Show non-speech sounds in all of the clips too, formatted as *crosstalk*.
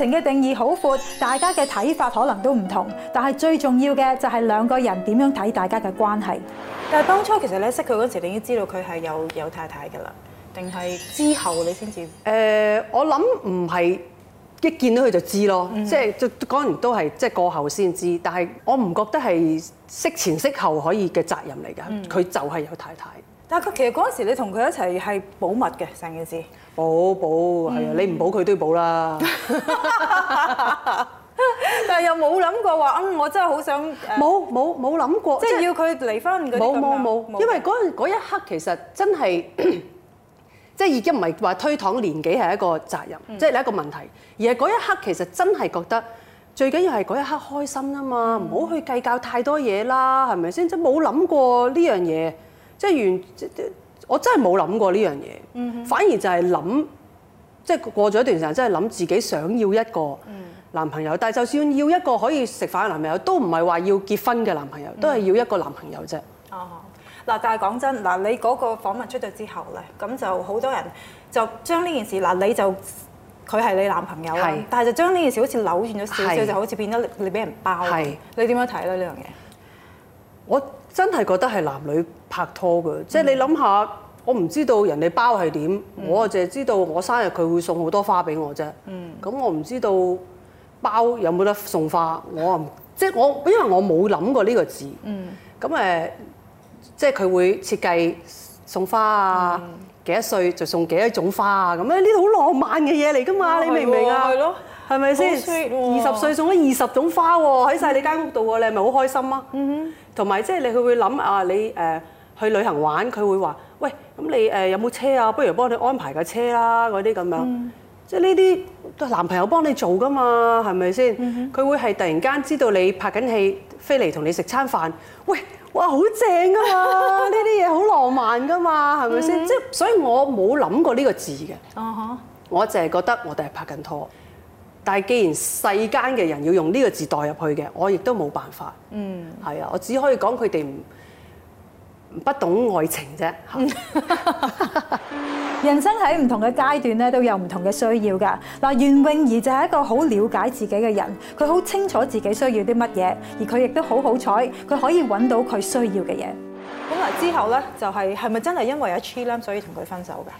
情嘅定義好闊，大家嘅睇法可能都唔同，但係最重要嘅就係兩個人點樣睇大家嘅關係。但係當初其實你識佢嗰時，你已經知道佢係有有太太噶啦，定係之後你先至？誒、呃，我諗唔係一見到佢就知咯、嗯，即係就嗰都係即係過後先知。但係我唔覺得係識前識後可以嘅責任嚟噶，佢、嗯、就係有太太。但佢其實嗰陣時，你同佢一齊係保密嘅成件事。保保係啊！嗯、你唔保佢都要保啦。 *laughs* 但係又冇諗過話，嗯，我真係好想冇冇冇諗過，即係要佢離婚嗰啲冇冇冇，因為嗰一刻其實真係， *coughs* 即係已經唔係話推搪年紀係一個責任，即、嗯、係一個問題。而係嗰一刻其實真係覺得最緊要係嗰一刻開心啊嘛，唔、嗯、好去計較太多嘢啦，係咪先？即冇諗過呢樣嘢。即係完，我真係冇諗過呢樣嘢，反而就係諗，即、就、係、是、過咗一段時間，真係諗自己想要一個男朋友。嗯、但係就算要一個可以食飯嘅男朋友，都唔係話要結婚嘅男朋友，嗯、都係要一個男朋友啫。哦、嗯，嗱、啊，但係講真，嗱，你嗰個訪問出咗之後咧，咁就好多人就將呢件事，嗱，你就佢係你男朋友，是但係就將呢件事好似扭轉咗少少，就好似變咗你俾人包。你點樣睇咧呢樣嘢？我。真係覺得係男女拍拖嘅，即、嗯、係、就係、你諗下，我唔知道人哋包係點、嗯，我啊就知道我生日佢會送好多花俾我啫。咁、嗯、我唔知道包有冇得送花，我啊即係我，因為我冇諗過呢個字。咁、嗯、誒，即係佢會設計送花啊，幾、嗯、多歲就送幾多種花啊，咁啊呢度好浪漫嘅嘢嚟㗎嘛、哦，你明唔明啊？係咪先二十歲送咗二十種花喎，喺晒你間屋度喎，你係咪好開心啊？嗯哼。同埋即係你佢會諗啊，你誒去旅行玩，佢會話喂，咁你誒有冇車啊？不如幫你安排個車啦，嗰啲咁樣，即係呢啲男朋友幫你做噶嘛，係咪先？佢、嗯、會係突然間知道你拍緊戲，飛嚟同你食餐飯，喂，哇好正噶嘛！呢啲嘢好浪漫噶嘛，係咪先？即、嗯、係所以我冇諗過呢個字嘅、嗯，我淨係覺得我哋係拍緊拖。但係，既然世間嘅人要用呢個字代入去嘅，我亦都冇辦法。嗯，係啊，我只可以講佢哋唔不懂愛情啫。 *laughs* 人生喺唔同嘅階段咧，都有唔同嘅需要㗎。嗱，袁詠儀就係一個好了解自己嘅人，佢好清楚自己需要啲乜嘢，而佢亦都好好彩，佢可以揾到佢需要嘅嘢。咁嗱，之後咧就係係咪真係因為有 Chilam 所以同佢分手㗎？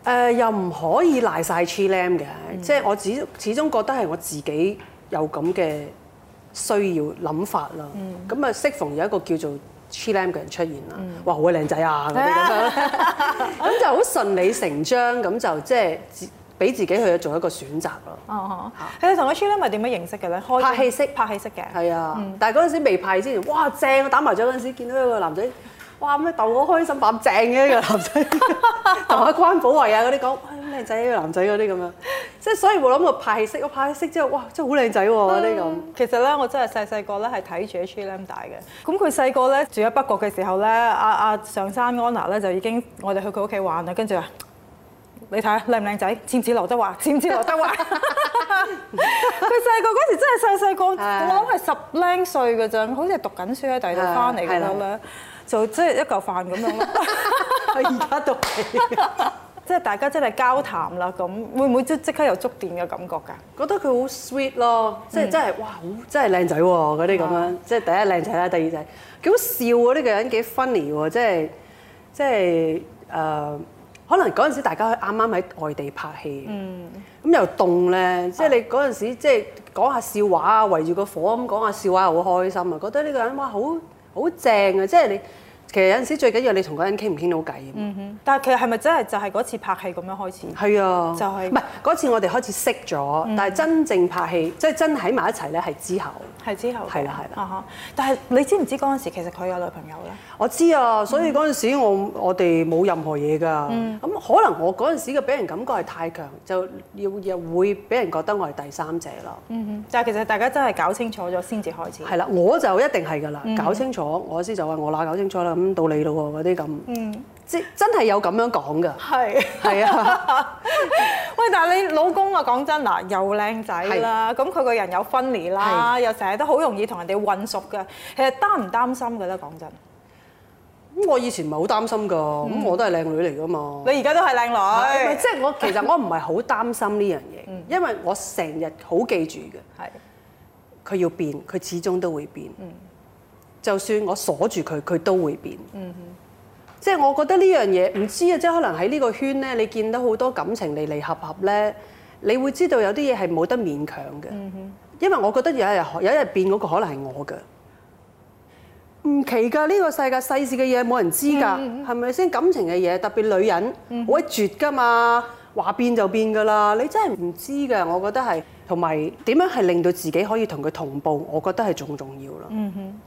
誒、呃、又唔可以賴晒 Chilam 嘅，即係我始始終覺得係我自己有咁嘅需要諗法啦。咁、嗯、啊，咁就適逢有一個叫做 Chilam 嘅人出現啦、嗯，哇好鬼靚仔啊咁、啊、樣，咁 *laughs* 就好順理成章咁就即係俾自己去做一個選擇咯。哦、嗯、哦，係你同阿 Chilam 係點樣認識嘅咧？拍戲識拍戲識嘅。係啊，嗯、但係嗰陣時未拍戲之前，哇正！我打麻雀嗰陣時見到一個男仔。哇！咩逗我開心扮正嘅個男仔，同 *laughs* 阿關寶慧啊嗰啲講，哇！靚、那、仔、個那個、男仔嗰啲咁樣，即 *laughs* 係所以冇諗過派戲識，個派戲之後，哇！真係好靚仔喎嗰啲咁。其實咧，我真係細細個咧係睇住 Chilam 大嘅。咁佢細個咧住喺北角嘅時候咧，阿、啊、阿、啊、上山安娜咧就已經我哋去佢屋企玩啦，跟住話：你睇下靚唔靚仔，似唔似劉德華？似唔似劉德華？佢細個嗰時真係細細個，我諗係十零歲嘅啫，好似係讀緊書喺第度翻嚟咁就即係一嚿飯咁樣咯，而家都係，即係大家真係交談啦咁，會唔會即即刻有觸電嘅感覺㗎？覺得佢好 sweet 咯，即係真係哇，好，真係靚仔喎嗰啲咁樣，即係第一靚仔啦，第二仔幾好笑喎，呢個人幾 funny 喎，即係即係誒，可能嗰陣時大家啱啱喺外地拍戲，嗯，咁又凍咧，即係你嗰陣時即係講下笑話啊，圍住個火咁講下笑話，好開心啊，覺得呢個人哇好～好正啊！即係你。其實有陣時最緊要你同嗰人傾唔傾到偈。嗯哼。但係其實係咪真係就係嗰次拍戲咁樣開始？係啊。就係。唔係嗰次我哋開始識咗，但係真正拍戲即係真喺埋一齊咧，係之後。係之後。係啦係啦。但係你知唔知嗰陣時其實佢有女朋友咧？我知啊，所以嗰陣時我我哋冇任何嘢㗎。咁可能我嗰陣時嘅俾人感覺係太強，就要又會俾人覺得我係第三者囉。嗯哼。但係其實大家真係搞清楚咗先至開始。係啦、啊，我就一定係㗎啦，搞清楚我先就話我嗱搞清楚啦。咁道理咯，嗰啲咁，嗯，即真係有咁樣講噶，係，係啊， *laughs* 喂，但係你老公啊，講真嗱，又靚仔啦，咁佢個人有分離啦，又成日都好容易同人哋混熟噶，其實擔唔擔心噶咧？講真，咁我以前唔係好擔心噶，咁、嗯、我都係靚女嚟噶嘛，你而家都係靚女，即、係、我其實 *laughs* 我唔係好擔心呢樣嘢，因為我成日好記住嘅，係，佢要變，佢始終都會變。嗯就算我鎖住佢，佢都會變。嗯哼，即係我覺得呢樣嘢唔知啊，即係可能喺呢個圈咧，你見到好多感情離離合合咧，你會知道有啲嘢係冇得勉強嘅，嗯。因為我覺得有一日有一日變嗰個可能係我嘅，唔奇㗎。呢、呢個世界細節嘅嘢冇人知㗎，係咪先？感情嘅嘢特別女人好一、嗯、絕㗎嘛，話變就變㗎啦。你真係唔知㗎，我覺得係同埋點樣係令到自己可以同佢同步，我覺得係仲重要啦。嗯哼。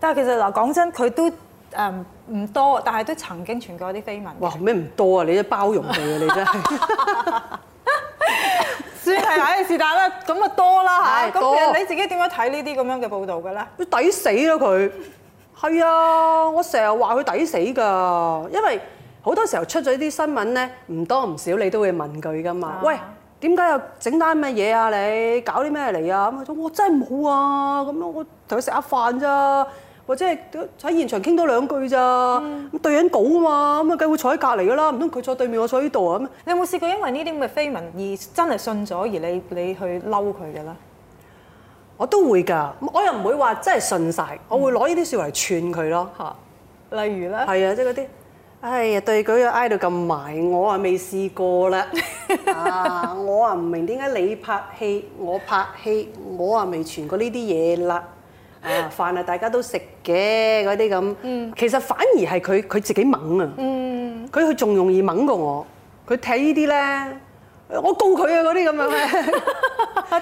但其實嗱，講真，佢都誒唔多，但係都曾經傳過啲緋聞。哇，咩唔多啊！你都包容佢啊！你真係 *laughs* 真的 *laughs* *laughs* 算係，唉、啊，是但啦，咁啊多啦嚇。咁人你自己點樣睇呢啲咁樣嘅報導嘅咧？抵死啦、啊、佢！係啊，我成日話佢抵死㗎，因為好多時候出咗啲新聞咧，唔多唔少，你都會問佢㗎嘛、啊。喂，點解又整單乜嘢啊？你搞啲咩嚟啊？咁我真係冇啊！咁我同佢食下飯咋？或者係喺現場傾多兩句咋？對、嗯、人稿啊嘛，咁啊梗會坐喺隔離噶啦，唔通佢坐對面，我坐呢度啊？咁你有冇試過因為呢啲咁嘅緋聞而真係信咗而你你去嬲佢㗎啦？我都會㗎，我又唔會話真係信晒，我會攞呢啲事嚟串佢咯。嚇、嗯，例如咧，係啊，即係嗰啲，哎呀，對佢挨到咁埋，我啊未試過啦。 *laughs* uh, 我啊唔明點解你拍戲，我拍戲，我啊未傳過呢啲嘢啦。啊飯啊，大家都食嘅嗰啲咁，其實反而係佢佢自己猛啊！佢佢仲容易猛過我，佢睇呢啲咧，我告佢啊嗰啲咁樣咧，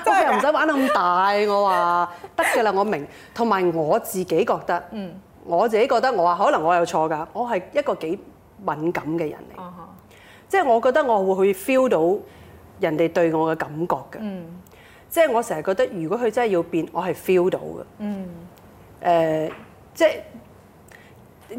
即係又唔使玩得咁大，我話得嘅啦，我明。同埋我自己覺得，我自己覺得我話可能我有錯㗎，我係一個幾敏感嘅人嚟，即係我覺得我會去 feel 到人哋對我嘅感覺㗎。即係我成日覺得，如果佢真係要變，我係 feel 到嘅。嗯。誒，即係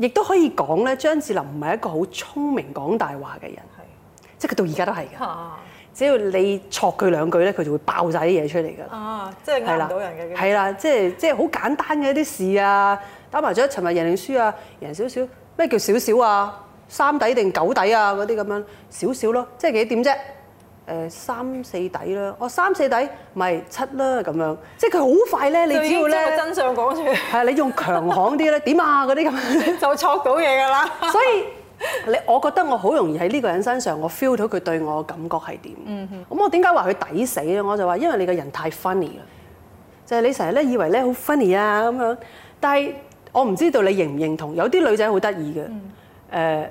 亦都可以講咧，張智霖唔係一個好聰明講大話嘅人。係。即係佢到而家都係㗎。啊。只要你錯佢兩句咧，佢就會爆晒啲嘢出嚟㗎。啊。即係呃唔到人嘅。係啦，即係即係好簡單嘅一啲事啊，打麻雀尋日咪贏定輸啊，贏少少。咩叫少少啊？三底定九底啊？嗰啲咁樣少少咯，即係幾點啫？誒、呃、三四底啦，我、哦、三四底咪七啦咁樣，即係佢好快咧，你只要咧，要真相講出，係 *laughs* 啊，你用強悍啲咧，點啊嗰啲咁樣就錯到嘢㗎啦。 *laughs* 所以你我覺得我好容易喺呢個人身上，我 feel 到佢對我嘅感覺係點。嗯、mm、-hmm. 咁我點解話佢抵死咧？我就話因為你個人太 funny 啦，就係、是、你成日咧以為咧好 funny 啊咁樣，但係我唔知道你認唔認同。有啲女仔好得意嘅，誒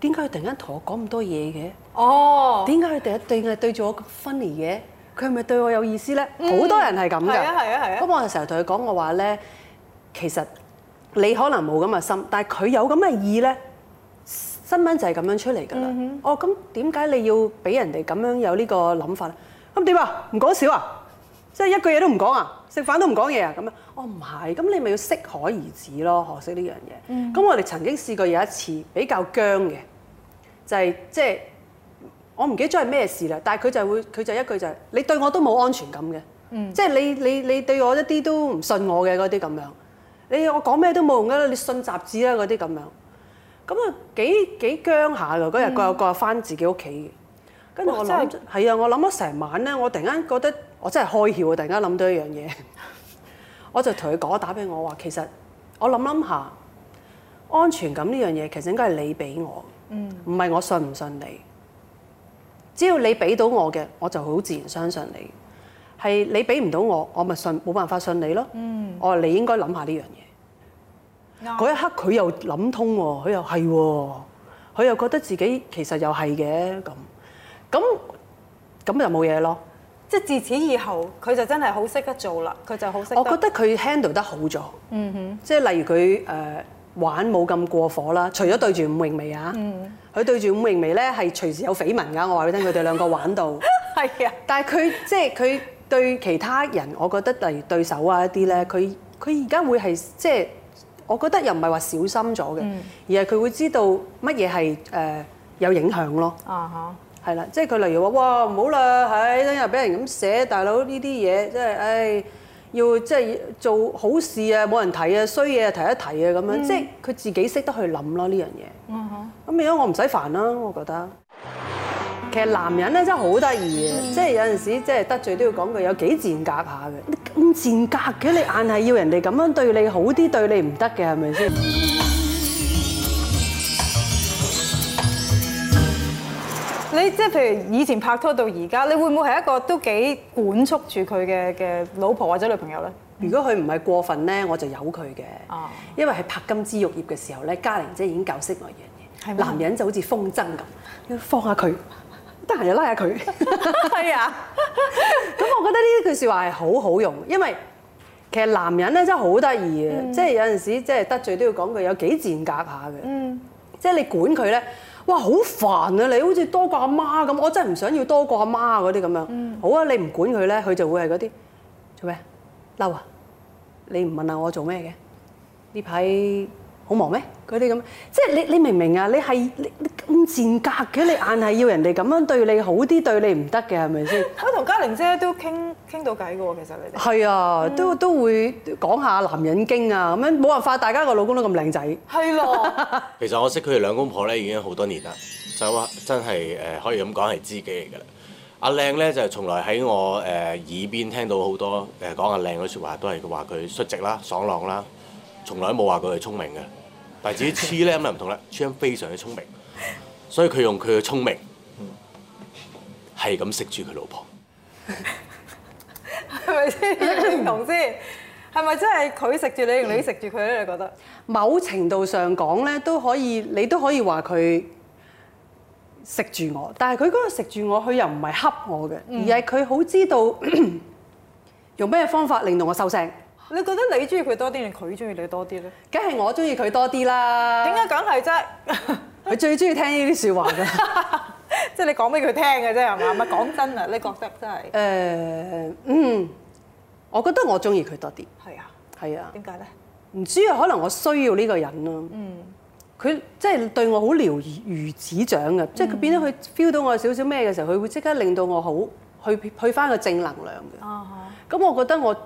點解佢突然間同我講咁多嘢嘅？哦，點解佢第一定係對住我個 funny 嘅？佢係咪對我有意思咧？好、嗯、多人係咁嘅。係啊，係啊，係啊。咁我就成日同佢講我話咧，其實你可能冇咁嘅心，但係佢有咁嘅意咧，新聞就係咁樣出嚟㗎啦。哦，咁點解你要俾人哋咁樣有個呢個諗法咧？咁點啊？唔講笑啊？即係一句嘢都唔講啊？食飯都唔講嘢啊？咁啊？哦，唔係，咁你咪要適可而止咯。學識呢樣嘢。咁、嗯、我哋曾經試過有一次比較僵嘅，就係即係。就是我唔記得咗係咩事啦，但係佢就會佢就是一句就係、是、你對我都冇安全感嘅，即、嗯、係、就是、你你你對我一啲都唔信我嘅嗰啲咁樣，你我講咩都冇用嘅啦，你信雜誌啦嗰啲咁樣，咁啊幾幾僵下嘅嗰日，各有各翻自己屋企嘅，跟住我諗係啊，我諗咗成晚咧，我突然間覺得我真係開竅啊！突然間諗到一樣嘢，我就同佢講，打俾我話其實我諗諗下安全感呢樣嘢，其實應該係你俾我，唔、嗯、係我信唔信你。只要你俾到我嘅，我就好自然相信你。係你俾唔到我，我咪信冇辦法信你咯、嗯。我話你應該諗下呢樣嘢。嗰、嗯、一刻佢又諗通喎，佢又係喎、哦，佢又覺得自己其實又係嘅咁。咁咁就冇嘢咯。即係自此以後，佢就真係好識得做啦。佢就好識。我覺得佢 handle 得好咗。嗯哼，即係例如佢誒。呃玩冇咁過火啦，除咗對住伍詠薇啊，佢對住伍詠薇咧係隨時有緋聞㗎。我話俾你聽，佢哋兩個玩到，係啊。但係佢即係佢對其他人，我覺得例如對手啊一啲咧，佢佢而家會係即係我覺得又唔係話小心咗嘅，而係佢會知道乜嘢係誒有影響咯。啊嚇，係啦，即係佢例如話哇唔好啦，唉，今日俾人咁寫，大佬呢啲嘢真係唉。要即係做好事啊，冇人提啊，衰嘢提一提啊，咁、嗯、樣即係佢自己識得去諗咯呢樣嘢。咁如果我唔使煩啦，我覺得。嗯、其實男人咧真係好得意嘅，即係有陣時即係得罪都要講句有幾賤格下嘅。你咁賤格嘅，你硬係要人哋咁樣對你好啲，對你唔得嘅係咪先？是不是。你即係譬如以前拍拖到而家，你會唔會係一個都幾管束住佢嘅嘅老婆或者女朋友咧？如果佢唔係過分咧，我就由佢嘅。哦、啊，因為係拍金枝玉葉嘅時候咧，嘉玲姐已經教識我嘢嘅。男人就好似風箏咁，要放下佢，得閒就拉下佢。係 *laughs* *laughs* 是啊。咁 *laughs* 我覺得呢句説話係好好用，因為其實男人咧真係好得意嘅，即、嗯、係有陣時即係、就是、得罪都要講句有幾賤格下嘅。嗯。即係你管佢咧。哇！好煩啊！你好似多過阿媽咁，我真係唔想要多過阿媽嗰啲咁樣。好啊，你唔管佢咧，佢就會係嗰啲。做咩？嬲啊！你唔問下我做咩嘅？呢排。好忙咩？佢哋咁，即係你你明唔明啊？你係你你咁賤格嘅，你硬係要人哋咁樣對你好啲，對你唔得嘅，係咪先？我同嘉玲姐都傾傾到偈嘅喎，其實你哋係啊，都都會講下男人經啊咁樣，冇辦法，大家個老公都咁靚仔。係咯。其實我識佢哋兩公婆咧已經好多年啦，就話真係誒可以咁講係知己嚟嘅啦。阿靚咧就從來喺我誒耳邊聽到好多誒講阿靚嘅説話，都係話佢率直啦、爽朗啦，從來冇話佢係聰明嘅。或者 Chilam 咧咁就唔同啦 Chilam 非常之聰明，所以佢用佢嘅聰明，係咁食住佢老婆，係咪先有同先？係咪真係佢食住你，你食住佢咧？你覺得？某程度上講咧，都可以，你都可以話佢食住我，但係佢嗰個食住我，佢又唔係恰我嘅、嗯，而係佢好知道咳咳用咩方法令到我收聲。你覺得你中意佢多啲定佢中意你多啲咧？梗係我中意佢多啲啦！點解梗係啫？佢 *laughs* *laughs* 最中意聽呢啲説話嘅，即係你講俾佢聽嘅啫，係嘛？咪講真啊！你覺得真係誒、呃、嗯，我覺得我中意佢多啲。係啊，係啊。點解咧？唔知啊，可能我需要呢個人咯。嗯，佢即係對我好了如如指掌嘅，即係佢變咗佢 feel 到我有少少咩嘅時候，佢會即刻令到我好去去翻個正能量嘅。咁、嗯、我覺得我。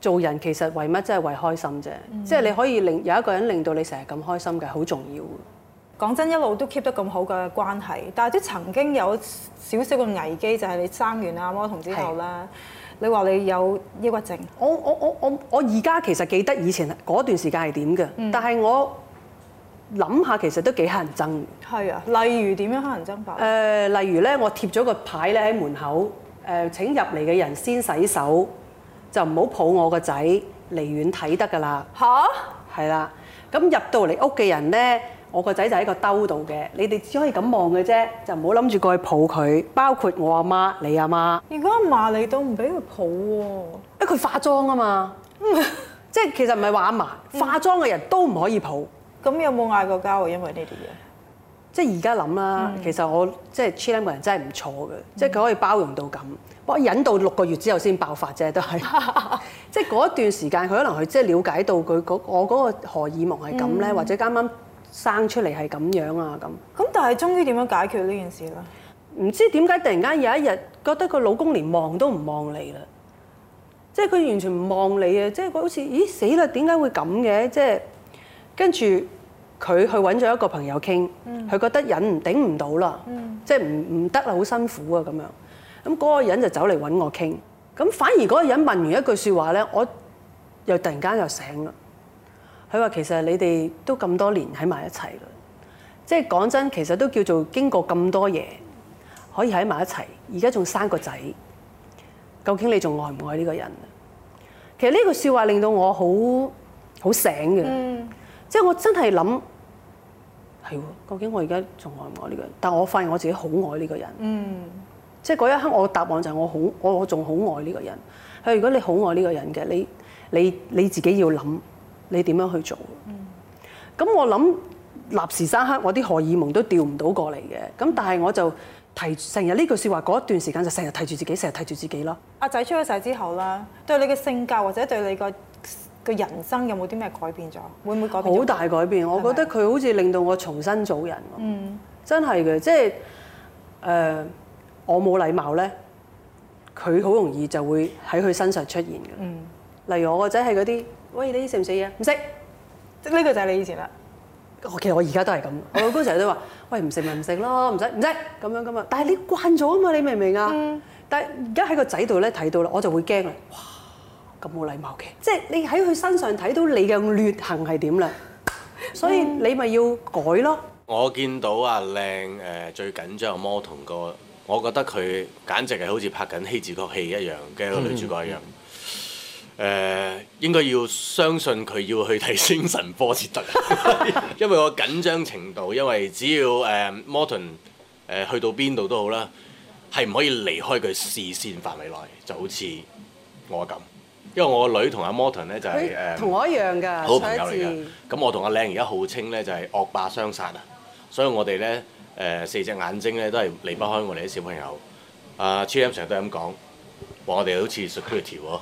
做人其實為乜，真係為開心啫，即、嗯、係、就是，你可以令有一個人令到你成日咁開心嘅，好重要嘅。講真，一路都 keep 得咁好嘅關係，但係都曾經有少少嘅危機，就係、是、你生完阿魔童之後啦。你話你有抑鬱症，我我我我而家其實記得以前嗰段時間係點嘅，但係我諗下其實都幾乞人憎。係啊，例如點樣乞人憎法？誒、呃，例如咧，我貼咗個牌咧喺門口，誒、呃、請入嚟嘅人先洗手。就唔好抱我個仔，離遠睇得㗎啦。吓、啊？係啦。咁入到嚟屋嘅人咧，我個仔就喺個兜度嘅。你哋只可以咁望嘅啫，就唔好諗住過去抱佢。包括我阿媽、你阿媽。如果阿嫲嚟到唔俾佢抱喎、啊。佢化妝啊嘛。即 *laughs* 係 *laughs* 其實唔係話阿嫲，化妝嘅人都唔可以抱。咁有冇嗌過交啊？因為呢啲嘢。即係而家諗啦，其實我即係、就是、Chilam 個人真係唔錯嘅、嗯，即係佢可以包容到咁。我忍到六個月之後先爆發啫，都係， *laughs* 即係嗰一段時間，佢可能佢即係了解到佢嗰我嗰個荷爾蒙係咁咧，或者啱啱生出嚟係咁樣啊，咁。咁但係終於點樣解決呢件事咧？唔知點解突然間有一日覺得個老公連望都唔望你啦，即係佢完全唔望你啊！即係佢好似咦死啦？點解會咁嘅？即係跟住佢去搵咗一個朋友傾，佢、嗯、覺得忍唔頂唔到啦，即係唔唔得啦，好、就是、辛苦啊咁樣。咁、那、嗰個人就走嚟揾我傾，咁反而嗰個人問完一句説話咧，我又突然間又醒啦。佢話其實你哋都咁多年喺埋一齊啦，即係講真，其實都叫做經過咁多嘢，可以喺埋一齊，而家仲生個仔，究竟你仲愛唔愛呢個人？其實呢句説話令到我好好醒嘅，嗯、即係我真係諗係，究竟我而家仲愛唔愛呢個人？但我發現我自己好愛呢個人。嗯即係嗰一刻，我嘅答案就係我好，我我仲好愛呢個人。佢如果你好愛呢個人嘅，你你你自己要諗，你點樣去做？咁、嗯、我諗立時三刻，我啲荷爾蒙都調唔到過嚟嘅。咁但係我就提成日呢句説話，嗰一段時間就成日提住自己，成日提住自己咯。阿仔出咗世之後啦，對你嘅性格或者對你個個人生有冇啲咩改變咗？會唔會改變？好大改變，我覺得佢好似令到我重新做人。嗯，真係嘅，即係誒。呃我冇禮貌咧，佢好容易就會喺佢身上出現嘅。例如我個仔係嗰啲，喂你食唔食嘢？唔食，呢、這個就係你以前啦。我其實我而家都係咁，我老公成日都話： *laughs* 喂唔食咪唔食咯，唔使唔食咁樣咁樣。但係你慣咗啊嘛，你明唔明啊？嗯、但係而家喺個仔度咧睇到啦，我就會驚啊！哇，咁冇禮貌嘅，即係你喺佢身上睇到你嘅劣行係點啦，所以你咪要改咯。嗯、我見到阿靚誒、呃、最緊張阿魔童個。我覺得佢簡直係好似拍緊希治閣戲一樣嘅女主角一樣。誒，應該要相信佢要去睇精神科先得，因為我緊張程度，因為只要 Morton 去到邊度都好啦，係唔可以離開佢視線範圍內，就好似我咁。因為我個女同阿 Morton 呢就係同我一樣㗎，好朋友嚟㗎。咁我同阿靚而家號稱呢就係惡霸相殺啊，所以我哋呢。誒、呃、四隻眼睛咧都係離不開我哋啲小朋友。阿、啊、Chilam 成日都係咁講，話我哋好似 security 喎、哦，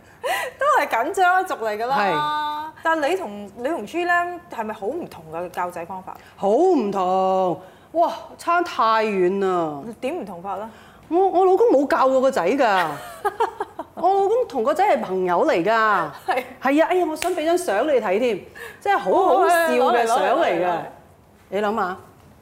*laughs* *laughs* 都係緊張一族嚟㗎啦。但係你，你係係同你同 Chilam 係咪好唔同嘅教仔方法？好唔同，哇差太遠啦！點唔同法咧？我我老公冇教過個仔㗎。 *laughs* 我老公同個仔係朋友嚟㗎，係啊，哎呀，我想俾張相你睇添，真係好好笑嘅相嚟㗎。你諗下，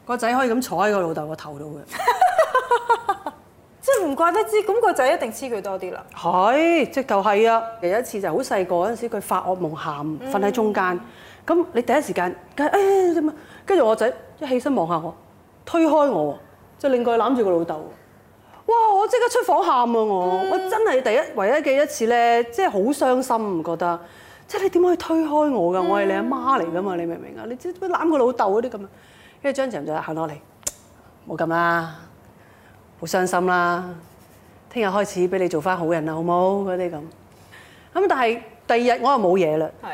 個仔可以咁坐喺個老豆個頭度嘅， *laughs* 真係唔怪得知咁個仔一定黐佢多啲啦。係，直頭係啊！有一次就好細個嗰陣時，佢發惡夢喊，瞓、嗯、喺中間。咁你第一時間，梗係誒點啊？跟、哎、住我仔一起身望下我，推開我，即係令佢攬住個老豆。哇！我即刻出房喊啊！我我真係第一、嗯、唯一嘅一次咧，即係好傷心，唔覺得即係、就是、你點可以推開我噶、嗯？我係你阿媽嚟噶嘛？你明唔明啊？你知係攬個老豆嗰啲咁。跟住張智霖就行落嚟，冇咁啦，好傷心啦。聽日開始俾你做翻好人啦，好冇嗰啲咁。咁但係第二日我又冇嘢啦。係。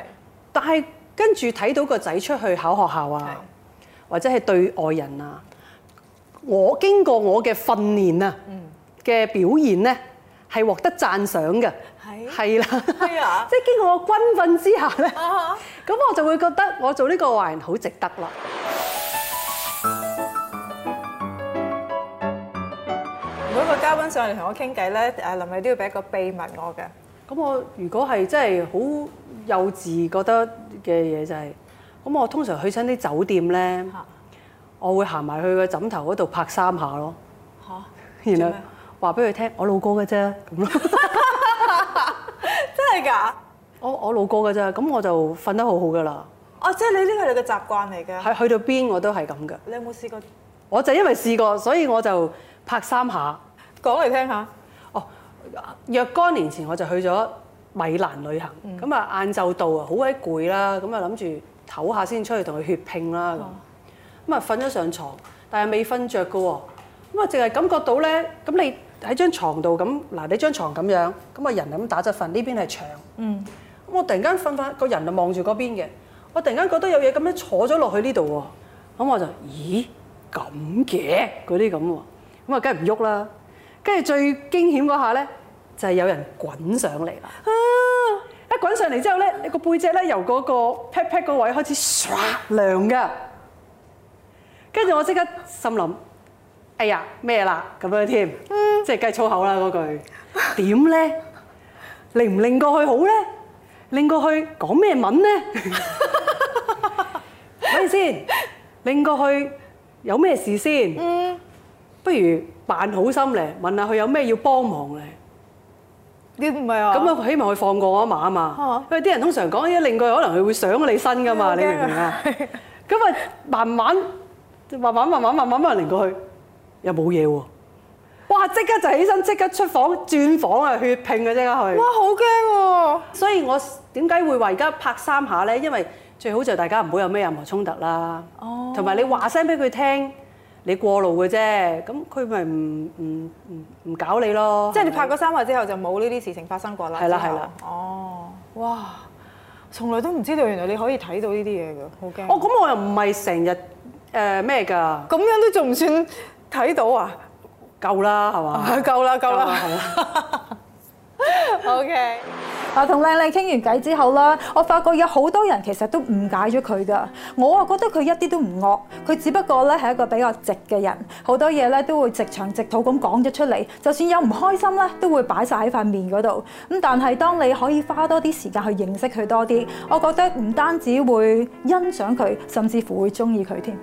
但係跟住睇到個仔出去考學校啊，係或者係對外人啊。我經過我嘅訓練啊，嘅表現咧係獲得讚賞嘅，係啦，即係 *laughs* 經過我軍訓之下咧，咁我就會覺得我做呢個壞人好值得啦。每一個嘉賓上嚟同我傾偈咧，誒林麗都要俾一個秘密我嘅。咁我如果係真係好幼稚覺得嘅嘢就係、是，咁我通常去親啲酒店咧。Uh -huh. 我會行埋去個枕頭嗰度拍三下咯，嚇、啊！然後話俾佢聽，我路過嘅啫，咁咯， *laughs* *laughs* 真係㗎？我我路過嘅啫，咁我就瞓得好好嘅啦。哦、啊，即係你呢個係你嘅習慣嚟嘅？係去到邊我都係咁㗎。你有冇試過？我就因為試過，所以我就拍三下。講嚟聽一下。哦，若干年前我就去咗米蘭旅行，咁啊晏晝到啊好鬼攰啦，咁啊諗住唞下先出去同佢血拼啦、啊咁啊，瞓咗上床，但係未瞓着嘅喎。咁啊，淨係感覺到咧，咁你喺張床度咁，嗱，你張床咁樣，咁啊人咁打側瞓，呢邊係牆。嗯。咁我突然間瞓翻，個人就望住嗰邊嘅。我突然間覺得有嘢咁樣坐咗落去呢度喎。咁我就，咦？咁嘅？嗰啲咁喎。咁啊，梗係唔喐啦。跟住最驚險嗰下咧，就係有人滾上嚟啦。啊！一滾上嚟之後咧，你個背脊咧由嗰個 pat pat 嗰位開始刷涼㗎。跟住我即刻心諗，哎呀咩啦咁樣添，即係雞粗口啦嗰句，點咧？拎唔拎過去好咧？拎過去講咩文咧？睇先，拎過去有咩事先？不如扮好心咧，問下佢有咩要幫忙咧？你唔係話咁啊？希望佢放過我一馬嘛？因為啲人通常講一拎過去，可能佢會想你身噶嘛？你明唔明啊？咁啊，慢慢。慢慢慢慢慢慢慢嚟過去，又冇嘢喎。哇！即刻就起身，即刻出房轉房啊，血拼嘅即刻去。哇！好驚喎！所以我點解會話而家拍三下咧？因為最好就大家唔好有咩任何衝突啦。哦。同埋你話聲俾佢聽，你過路嘅啫，咁佢咪唔唔唔唔搞你咯。即係你拍過三下之後，就冇呢啲事情發生過啦。係啦係啦。哦。哇！從來都唔知道，原來你可以睇到呢啲嘢嘅。好驚。哦，咁我又唔係成日。誒咩㗎？咁樣都仲唔算睇到啊？夠啦，係嘛？夠啦夠啦。好嘅。OK，同靚靚傾完偈之後啦，我發覺有好多人其實都誤解咗佢㗎。我啊覺得佢一啲都唔惡，佢只不過咧係一個比較直嘅人，好多嘢咧都會直腸直肚咁講咗出嚟。就算有唔開心咧，都會擺晒喺塊面嗰度。咁但係當你可以花多啲時間去認識佢多啲，我覺得唔單止會欣賞佢，甚至乎會中意佢添。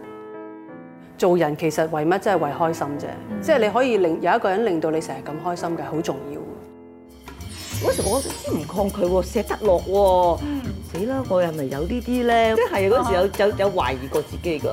做人其實為乜？真係為開心啫，即係你可以令有一個人令到你成日咁開心嘅，好重要嘅。嗰時我先唔抗拒喎，錫得落喎，死啦！我又咪有呢啲咧，即係嗰時有有有懷疑過自己㗎。